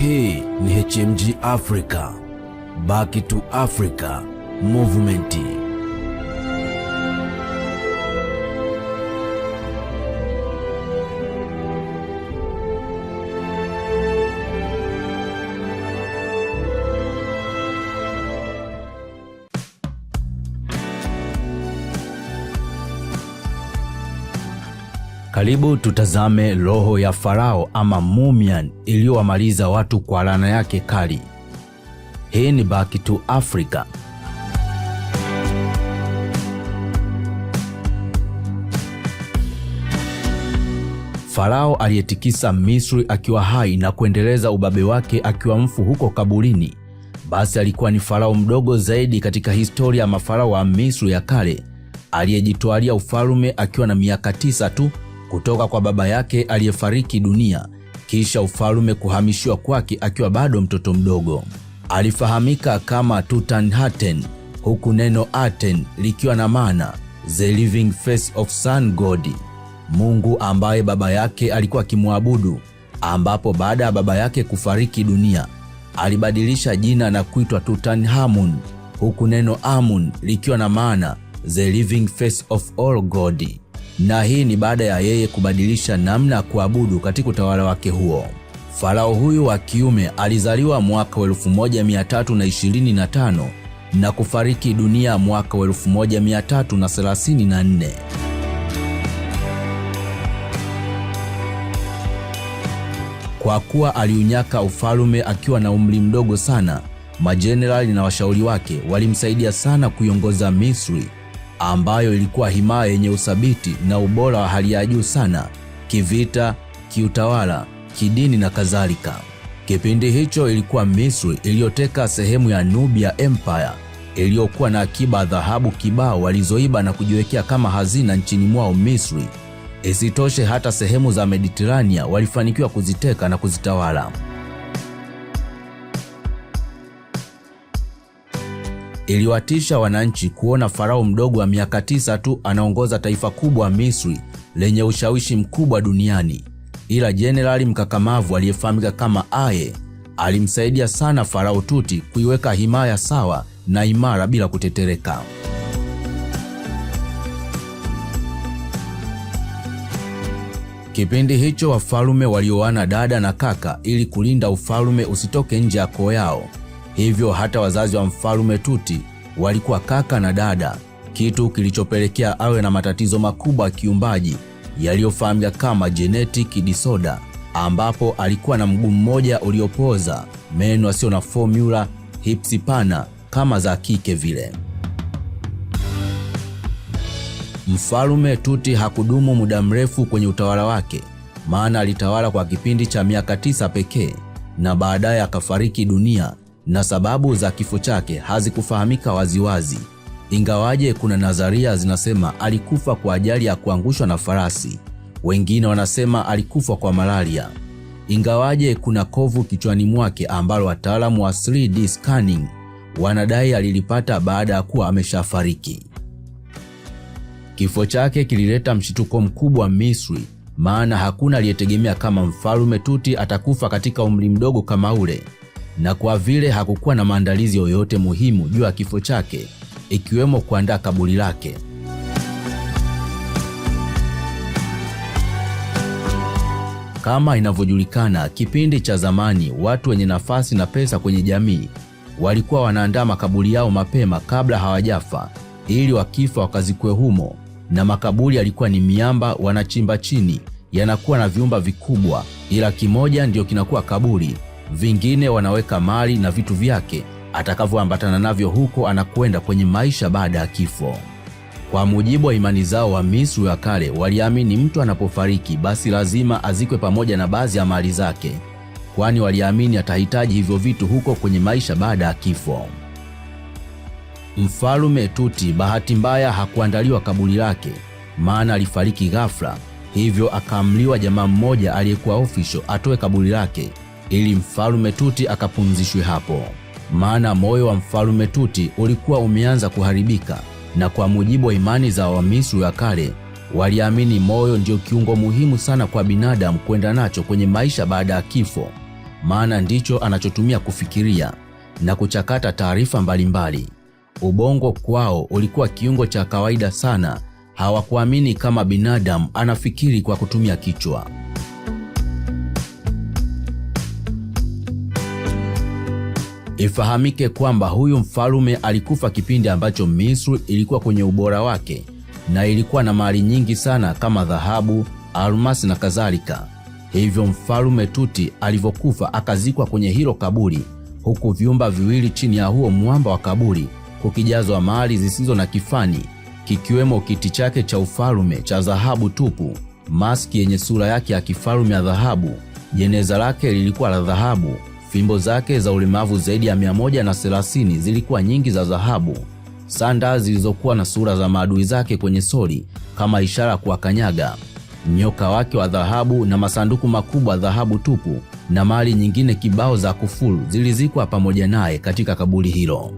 Hii ni HMG Africa, Back to Africa Movement. Karibu tutazame roho ya Farao ama Mumian iliyowamaliza watu kwa lana yake kali. Hii ni Back to Africa. Farao aliyetikisa Misri akiwa hai na kuendeleza ubabe wake akiwa mfu huko kaburini, basi alikuwa ni farao mdogo zaidi katika historia ya mafarao wa Misri ya kale aliyejitwalia ufalume akiwa na miaka 9 tu kutoka kwa baba yake aliyefariki dunia, kisha ufalme kuhamishiwa kwake akiwa bado mtoto mdogo. Alifahamika kama Tutanhaten, huku neno Aten likiwa na maana the living face of sun god, Mungu ambaye baba yake alikuwa akimwabudu, ambapo baada ya baba yake kufariki dunia alibadilisha jina na kuitwa Tutankhamun, huku neno Amun likiwa na maana the living face of all god na hii ni baada ya yeye kubadilisha namna ya kuabudu katika utawala wake huo. Farao huyu wa kiume alizaliwa mwaka wa 1325 na kufariki dunia mwaka wa 1334. Kwa kuwa aliunyaka ufalume akiwa na umri mdogo sana, majenerali na washauri wake walimsaidia sana kuiongoza Misri ambayo ilikuwa himaya yenye uthabiti na ubora wa hali ya juu sana kivita, kiutawala, kidini na kadhalika. Kipindi hicho ilikuwa Misri iliyoteka sehemu ya Nubia Empire iliyokuwa na akiba dhahabu kibao walizoiba na kujiwekea kama hazina nchini mwao Misri. Isitoshe, hata sehemu za Mediterania walifanikiwa kuziteka na kuzitawala. iliwatisha wananchi kuona farao mdogo wa miaka tisa tu anaongoza taifa kubwa Misri lenye ushawishi mkubwa duniani. Ila jenerali mkakamavu aliyefahamika kama Aye alimsaidia sana farao Tuti kuiweka himaya sawa na imara bila kutetereka. Kipindi hicho wafalume walioana dada na kaka ili kulinda ufalume usitoke nje ya koo yao Hivyo hata wazazi wa mfalme Tuti walikuwa kaka na dada, kitu kilichopelekea awe na matatizo makubwa ya kiumbaji yaliyofahamika kama genetic disorder, ambapo alikuwa na mguu mmoja uliopooza, meno asiyo na formula, hips pana kama za kike vile. Mfalme Tuti hakudumu muda mrefu kwenye utawala wake, maana alitawala kwa kipindi cha miaka tisa pekee na baadaye akafariki dunia na sababu za kifo chake hazikufahamika waziwazi, ingawaje kuna nadharia zinasema alikufa kwa ajali ya kuangushwa na farasi. Wengine wanasema alikufa kwa malaria, ingawaje kuna kovu kichwani mwake ambalo wataalamu wa 3D scanning wanadai alilipata baada ya kuwa ameshafariki. Kifo chake kilileta mshituko mkubwa Misri, maana hakuna aliyetegemea kama mfalme Tuti atakufa katika umri mdogo kama ule na kwa vile hakukuwa na maandalizi yoyote muhimu juu ya kifo chake ikiwemo kuandaa kaburi lake. Kama inavyojulikana, kipindi cha zamani, watu wenye nafasi na pesa kwenye jamii walikuwa wanaandaa makaburi yao mapema kabla hawajafa, ili wakifa wakazikwe humo, na makaburi yalikuwa ni miamba, wanachimba chini, yanakuwa na vyumba vikubwa, ila kimoja ndiyo kinakuwa kaburi vingine wanaweka mali na vitu vyake atakavyoambatana navyo huko anakwenda kwenye maisha baada ya kifo. Kwa mujibu wa imani zao, wa Misri ya kale waliamini mtu anapofariki basi lazima azikwe pamoja na baadhi ya mali zake, kwani waliamini atahitaji hivyo vitu huko kwenye maisha baada ya kifo. Mfalume Tuti bahati mbaya hakuandaliwa kaburi lake, maana alifariki ghafla, hivyo akaamliwa jamaa mmoja aliyekuwa ofisho atoe kaburi lake ili mfalume Tuti akapumzishwe hapo, maana moyo wa mfalume Tuti ulikuwa umeanza kuharibika, na kwa mujibu wa imani za Wamisri wa kale waliamini moyo ndio kiungo muhimu sana kwa binadamu kwenda nacho kwenye maisha baada ya kifo, maana ndicho anachotumia kufikiria na kuchakata taarifa mbalimbali. Ubongo kwao ulikuwa kiungo cha kawaida sana, hawakuamini kama binadamu anafikiri kwa kutumia kichwa. Ifahamike kwamba huyu mfalume alikufa kipindi ambacho Misri ilikuwa kwenye ubora wake na ilikuwa na mali nyingi sana kama dhahabu, almasi na kadhalika. Hivyo mfalume Tuti alivyokufa akazikwa kwenye hilo kaburi, huku vyumba viwili chini ya huo mwamba wa kaburi kukijazwa mali zisizo na kifani, kikiwemo kiti chake cha ufalume cha dhahabu tupu, maski yenye sura yake ya kifalume ya dhahabu. Jeneza lake lilikuwa la dhahabu Fimbo zake za ulemavu zaidi ya 130 zilikuwa nyingi za dhahabu, sanda zilizokuwa na sura za maadui zake kwenye soli kama ishara kuwakanyaga, nyoka wake wa dhahabu na masanduku makubwa dhahabu tupu na mali nyingine kibao za kufulu zilizikwa pamoja naye katika kaburi hilo.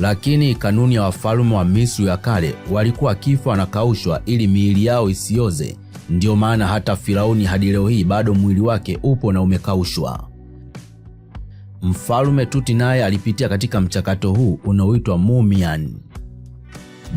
Lakini kanuni ya wafalme wa Misri ya kale walikuwa wakifa wanakaushwa ili miili yao isioze Ndiyo maana hata Firauni hadi leo hii bado mwili wake upo na umekaushwa. Mfalme Tuti naye alipitia katika mchakato huu unaoitwa mumian.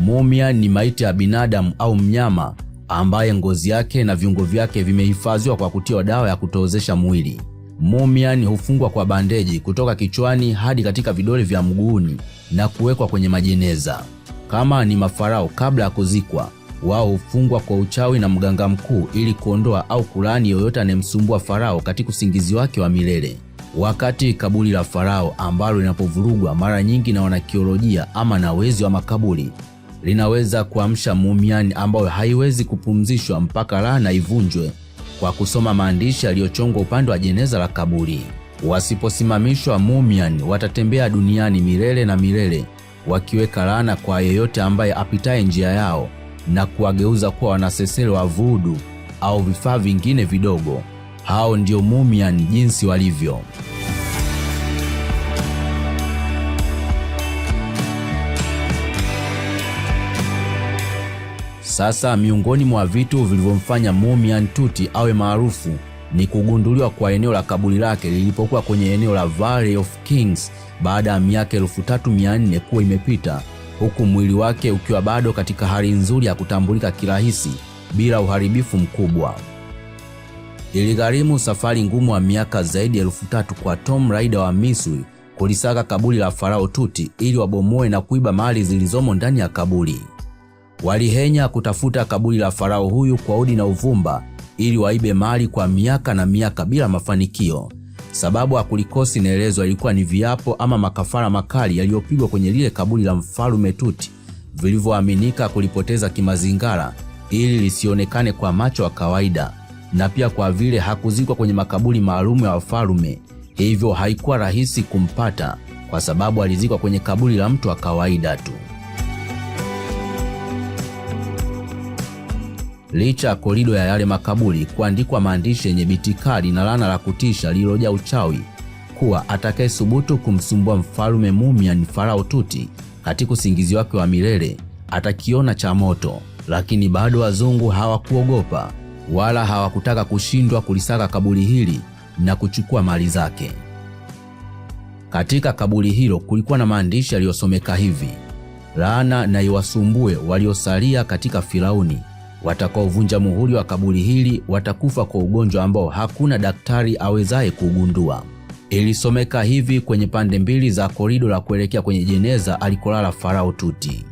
Mumian ni maiti ya binadamu au mnyama ambaye ngozi yake na viungo vyake vimehifadhiwa kwa kutiwa dawa ya kutoozesha mwili. Mumian hufungwa kwa bandeji kutoka kichwani hadi katika vidole vya mguuni na kuwekwa kwenye majeneza. Kama ni mafarao kabla ya kuzikwa, wao hufungwa kwa uchawi na mganga mkuu ili kuondoa au kulani yoyote anayemsumbua Farao katika usingizi wake wa milele. Wakati kaburi la Farao ambalo linapovurugwa mara nyingi na wanakiolojia ama na wezi wa makaburi linaweza kuamsha mumiani ambayo haiwezi kupumzishwa mpaka laana ivunjwe kwa kusoma maandishi yaliyochongwa upande wa jeneza la kaburi. Wasiposimamishwa, mumiani watatembea duniani milele na milele wakiweka laana kwa yeyote ambaye apitaye njia yao na kuwageuza kuwa wanasesele wa vudu au vifaa vingine vidogo. Hao ndio mumian jinsi walivyo. Sasa, miongoni mwa vitu vilivyomfanya mumian Tuti awe maarufu ni kugunduliwa kwa eneo la kaburi lake lilipokuwa kwenye eneo la Valley of Kings baada ya miaka 3400 kuwa imepita huku mwili wake ukiwa bado katika hali nzuri ya kutambulika kirahisi bila uharibifu mkubwa. Iligharimu safari ngumu wa miaka zaidi ya elfu tatu kwa Tom Raider wa Misri kulisaka kaburi la Farao Tuti ili wabomoe na kuiba mali zilizomo ndani ya kaburi. Walihenya kutafuta kaburi la farao huyu kwa udi na uvumba ili waibe mali kwa miaka na miaka bila mafanikio. Sababu kulikosi inaelezwa, ilikuwa ni viapo ama makafara makali yaliyopigwa kwenye lile kaburi la mfalume Tuti vilivyoaminika kulipoteza kimazingara ili lisionekane kwa macho ya kawaida, na pia kwa vile hakuzikwa kwenye makaburi maalumu ya wafalume, hivyo haikuwa rahisi kumpata, kwa sababu alizikwa kwenye kaburi la mtu wa kawaida tu. licha ya korido ya yale makaburi kuandikwa maandishi yenye bitikali na lana la kutisha lililojaa uchawi kuwa atakayesubutu kumsumbua mfalume mumia ni Farao Tuti katika usingizi wake wa milele atakiona cha moto. Lakini bado wazungu hawakuogopa wala hawakutaka kushindwa kulisaka kaburi hili na kuchukua mali zake. Katika kaburi hilo kulikuwa na maandishi yaliyosomeka hivi: laana na iwasumbue waliosalia katika Firauni Watakaovunja muhuri wa kaburi hili watakufa kwa ugonjwa ambao hakuna daktari awezaye kuugundua. Ilisomeka hivi kwenye pande mbili za korido la kuelekea kwenye jeneza alikolala Farao Tuti.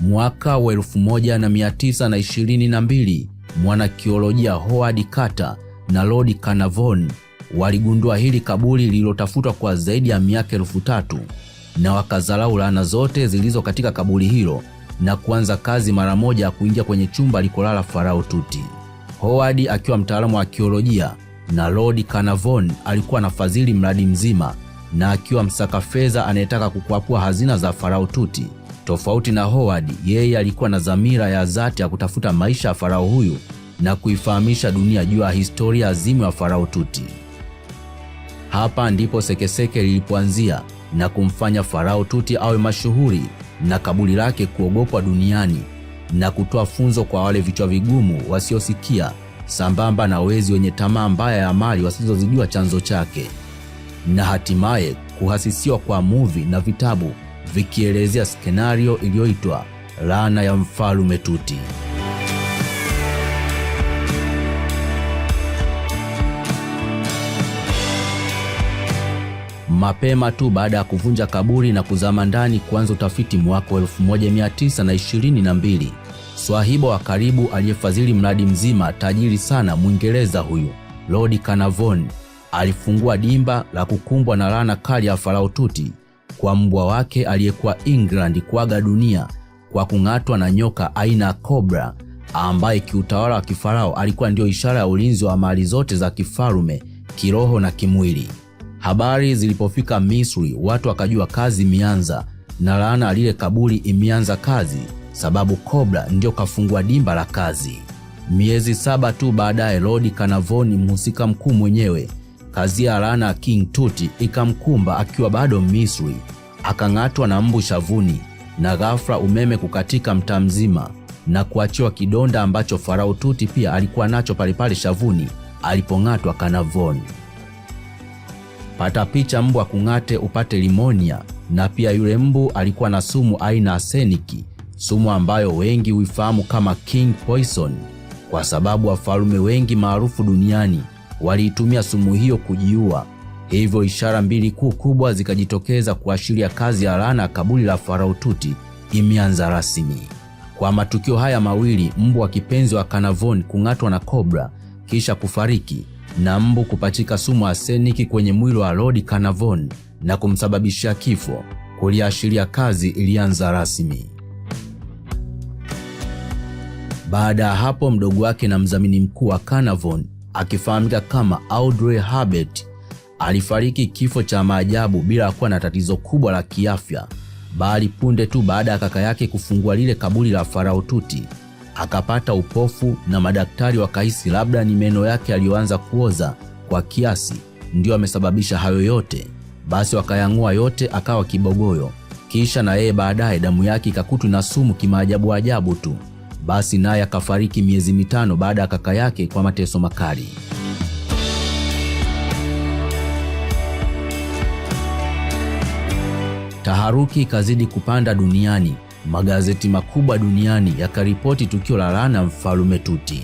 Mwaka wa 1922 mwanakiolojia Howard Carter na Lord Carnarvon waligundua hili kaburi lililotafutwa kwa zaidi ya miaka elfu tatu na wakadharau laana zote zilizo katika kaburi hilo na kuanza kazi mara moja ya kuingia kwenye chumba alikolala Farao Tuti. Howard akiwa mtaalamu wa akiolojia na Lord Carnarvon alikuwa anafadhili mradi mzima na akiwa msaka fedha anayetaka kukwapua hazina za Farao Tuti. Tofauti na Howard, yeye alikuwa na dhamira ya dhati ya kutafuta maisha ya farao huyu na kuifahamisha dunia juu ya historia azimu ya Farao Tuti. Hapa ndipo sekeseke lilipoanzia na kumfanya Farao Tuti awe mashuhuri na kaburi lake kuogopwa duniani na kutoa funzo kwa wale vichwa vigumu wasiosikia, sambamba na wezi wenye tamaa mbaya ya mali wasizozijua chanzo chake, na hatimaye kuhasisiwa kwa muvi na vitabu vikielezea skenario iliyoitwa laana ya mfalume Tuti. Mapema tu baada ya kuvunja kaburi na kuzama ndani kuanza utafiti mwaka 1922, swahiba wa karibu aliyefadhili mradi mzima, tajiri sana Mwingereza huyu Lord Carnarvon, alifungua dimba la kukumbwa na laana kali ya Farao Tuti kwa mbwa wake aliyekuwa England kuaga dunia kwa kung'atwa na nyoka aina ya cobra, ambaye kiutawala wa kifarao alikuwa ndiyo ishara ya ulinzi wa mali zote za kifalume kiroho na kimwili. Habari zilipofika Misri, watu wakajua kazi imeanza, na laana lile kaburi imeanza kazi, sababu kobra ndiyo kafungua dimba la kazi. Miezi saba tu baadaye, Lord Carnarvon, mhusika mkuu mwenyewe, kazi ya laana King tuti ikamkumba akiwa bado Misri, akang'atwa na mbu shavuni, na ghafla umeme kukatika mtaa mzima na kuachiwa kidonda ambacho Farao Tuti pia alikuwa nacho palepale shavuni alipong'atwa Carnarvon pata picha mbu kungate upate limonia. Na pia yule mbu alikuwa na sumu aina aseniki, sumu ambayo wengi huifahamu kama king poison, kwa sababu wafalme wengi maarufu duniani waliitumia sumu hiyo kujiua. Hivyo ishara mbili kuu kubwa zikajitokeza kuashiria kazi ya laana ya kaburi la Farao Tuti imeanza rasmi. Kwa matukio haya mawili, mbu kipenzi wa kanavon kung'atwa na kobra kisha kufariki na mbu kupachika sumu aseniki kwenye mwili wa Lord Carnarvon na kumsababishia kifo kuliashiria kazi ilianza rasmi. Baada ya hapo, mdogo wake na mdhamini mkuu wa Carnarvon akifahamika kama Audrey Herbert alifariki kifo cha maajabu bila kuwa na tatizo kubwa la kiafya, bali punde tu baada ya kaka yake kufungua lile kaburi la Farao Tuti akapata upofu na madaktari wakahisi labda ni meno yake aliyoanza kuoza kwa kiasi ndiyo amesababisha hayo yote. Basi wakayangua yote akawa kibogoyo, kisha na yeye baadaye damu yake ikakutwa na sumu kimaajabu ajabu tu. Basi naye akafariki miezi mitano baada ya kaka yake kwa mateso makali. Taharuki ikazidi kupanda duniani magazeti makubwa duniani yakaripoti tukio la rana mfalume Tuti.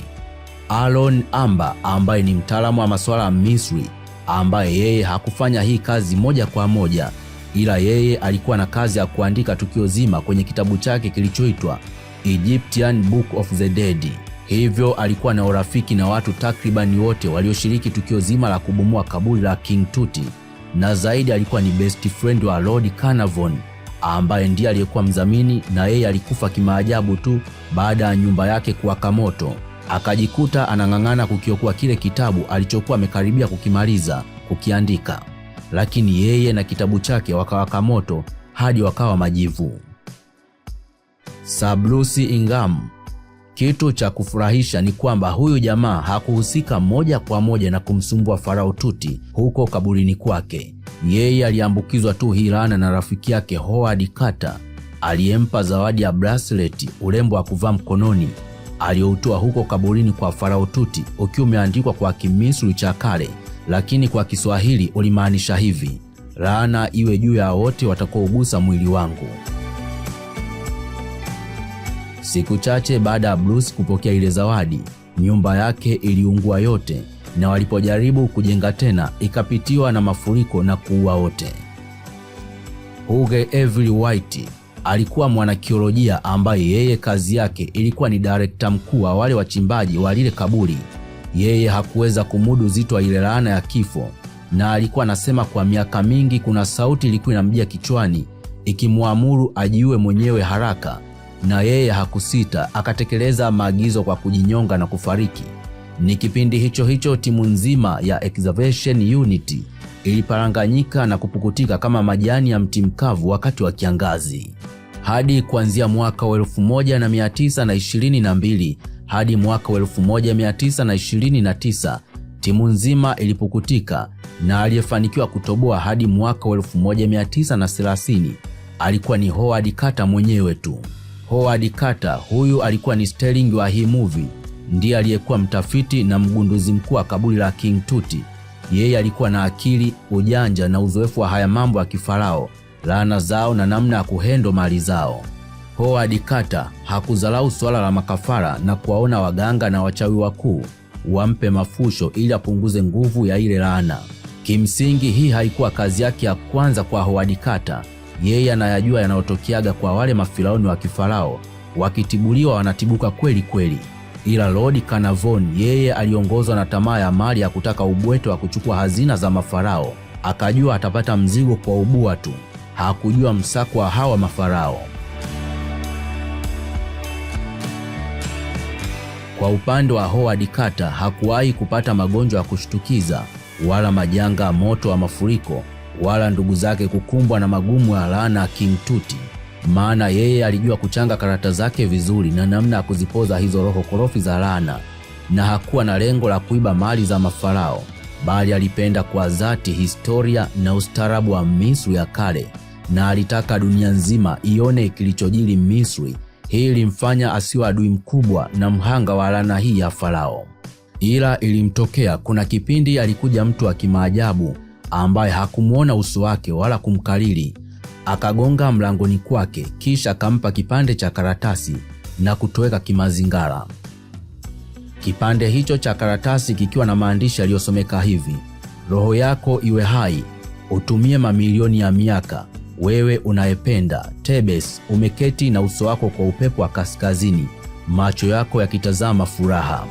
Alon Amba ambaye ni mtaalamu wa masuala ya Misri, ambaye yeye hakufanya hii kazi moja kwa moja, ila yeye alikuwa na kazi ya kuandika tukio zima kwenye kitabu chake kilichoitwa Egyptian Book of the Dead. Hivyo alikuwa na urafiki na watu takribani wote walioshiriki tukio zima la kubomoa kaburi la King tuti na zaidi alikuwa ni best friend wa Lord Carnarvon ambaye ndiye aliyekuwa mdhamini, na yeye alikufa kimaajabu tu baada ya nyumba yake kuwaka moto. Akajikuta anang'ang'ana kukiokoa kile kitabu alichokuwa amekaribia kukimaliza kukiandika, lakini yeye na kitabu chake wakawaka moto hadi wakawa majivu. Sir Bruce Ingham. Kitu cha kufurahisha ni kwamba huyu jamaa hakuhusika moja kwa moja na kumsumbua Farao Tuti huko kaburini kwake, yeye aliambukizwa tu hii laana na rafiki yake Howard Carter aliyempa zawadi ya bracelet, urembo wa kuvaa mkononi aliyoutoa huko kaburini kwa Farao Tuti, ukiwa umeandikwa kwa Kimisri cha kale, lakini kwa Kiswahili ulimaanisha hivi: laana iwe juu ya wote watakaogusa mwili wangu. Siku chache baada ya Bruce kupokea ile zawadi, nyumba yake iliungua yote na walipojaribu kujenga tena ikapitiwa na mafuriko na kuua wote. Huge Every White alikuwa mwanakiolojia ambaye yeye kazi yake ilikuwa ni direkta mkuu wa wale wachimbaji wa lile kaburi. Yeye hakuweza kumudu zito wa ile laana ya kifo, na alikuwa anasema kwa miaka mingi kuna sauti ilikuwa inamjia kichwani ikimwamuru ajiue mwenyewe haraka, na yeye hakusita, akatekeleza maagizo kwa kujinyonga na kufariki. Ni kipindi hicho hicho timu nzima ya Excavation Unity iliparanganyika na kupukutika kama majani ya mti mkavu wakati wa kiangazi hadi kuanzia mwaka wa 1922 hadi mwaka wa 1929 timu nzima ilipukutika na aliyefanikiwa kutoboa hadi mwaka wa 1930 alikuwa ni Howard Carter mwenyewe tu. Howard Carter huyu alikuwa ni Sterling wa hii movie ndiye aliyekuwa mtafiti na mgunduzi mkuu wa kaburi la King Tut. Yeye alikuwa na akili, ujanja na uzoefu wa haya mambo ya kifarao, laana zao na namna ya kuhendo mali zao. Howard Carter hakuzalau suala la makafara na kuwaona waganga na wachawi wakuu wampe mafusho ili apunguze nguvu ya ile laana. Kimsingi, hii haikuwa kazi yake ya kwanza kwa Howard Carter. Yeye anayajua yanayotokeaga kwa wale mafilaoni wa kifarao, wakitibuliwa wanatibuka kweli kweli ila Lord Carnarvon yeye aliongozwa na tamaa ya mali ya kutaka ubweto wa kuchukua hazina za mafarao. Akajua atapata mzigo kwa ubua tu, hakujua msako wa hawa mafarao. Kwa upande wa Howard Carter hakuwahi kupata magonjwa ya kushtukiza wala majanga ya moto wa mafuriko wala ndugu zake kukumbwa na magumu ya laana kimtuti maana yeye alijua kuchanga karata zake vizuri na namna ya kuzipoza hizo roho korofi za laana, na hakuwa na lengo la kuiba mali za mafarao, bali alipenda kwa dhati historia na ustaarabu wa Misri ya kale, na alitaka dunia nzima ione kilichojiri Misri. Hii ilimfanya asiwe adui mkubwa na mhanga wa laana hii ya Farao. Ila ilimtokea kuna kipindi alikuja mtu wa kimaajabu ambaye hakumwona uso wake wala kumkalili akagonga mlangoni kwake, kisha akampa kipande cha karatasi na kutoweka kimazingara. Kipande hicho cha karatasi kikiwa na maandishi yaliyosomeka hivi: roho yako iwe hai, utumie mamilioni ya miaka, wewe unayependa Tebes, umeketi na uso wako kwa upepo wa kaskazini, macho yako yakitazama furaha.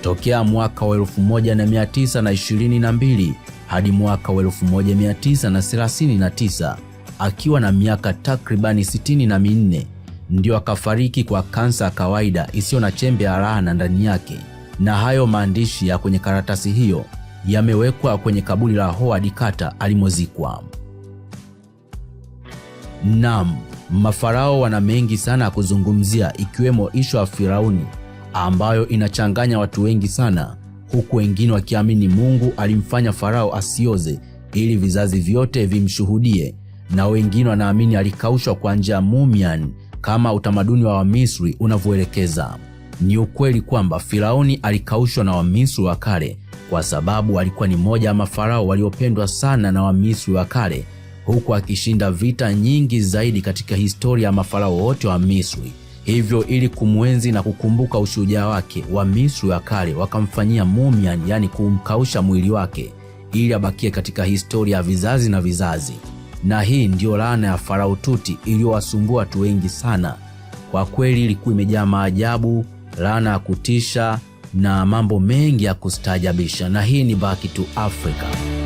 Tokea mwaka wa 1922 hadi mwaka wa 1939 akiwa na miaka takribani 64 na ndiyo akafariki kwa kansa ya kawaida isiyo na chembe ya raha na ndani yake. Na hayo maandishi ya kwenye karatasi hiyo yamewekwa kwenye kaburi la Howard Carter alimozikwa. Naam, mafarao wana mengi sana ya kuzungumzia, ikiwemo ishu ya Firauni ambayo inachanganya watu wengi sana huku wengine wakiamini Mungu alimfanya Farao asioze ili vizazi vyote vimshuhudie, na wengine wanaamini alikaushwa kwa njia ya mumian kama utamaduni wa Wamisri unavyoelekeza. Ni ukweli kwamba Firauni alikaushwa na Wamisri wa kale kwa sababu alikuwa ni moja ya mafarao waliopendwa sana na Wamisri wa kale, huku akishinda vita nyingi zaidi katika historia ya mafarao wote wa Misri. Hivyo ili kumwenzi na kukumbuka ushujaa wake, wa misri wa kale wakamfanyia mumian, yani kumkausha mwili wake ili abakie katika historia ya vizazi na vizazi. Na hii ndiyo laana ya Farao Tuti iliyowasumbua watu wengi sana. Kwa kweli ilikuwa imejaa maajabu, laana ya kutisha na mambo mengi ya kustaajabisha. Na hii ni Back to Africa.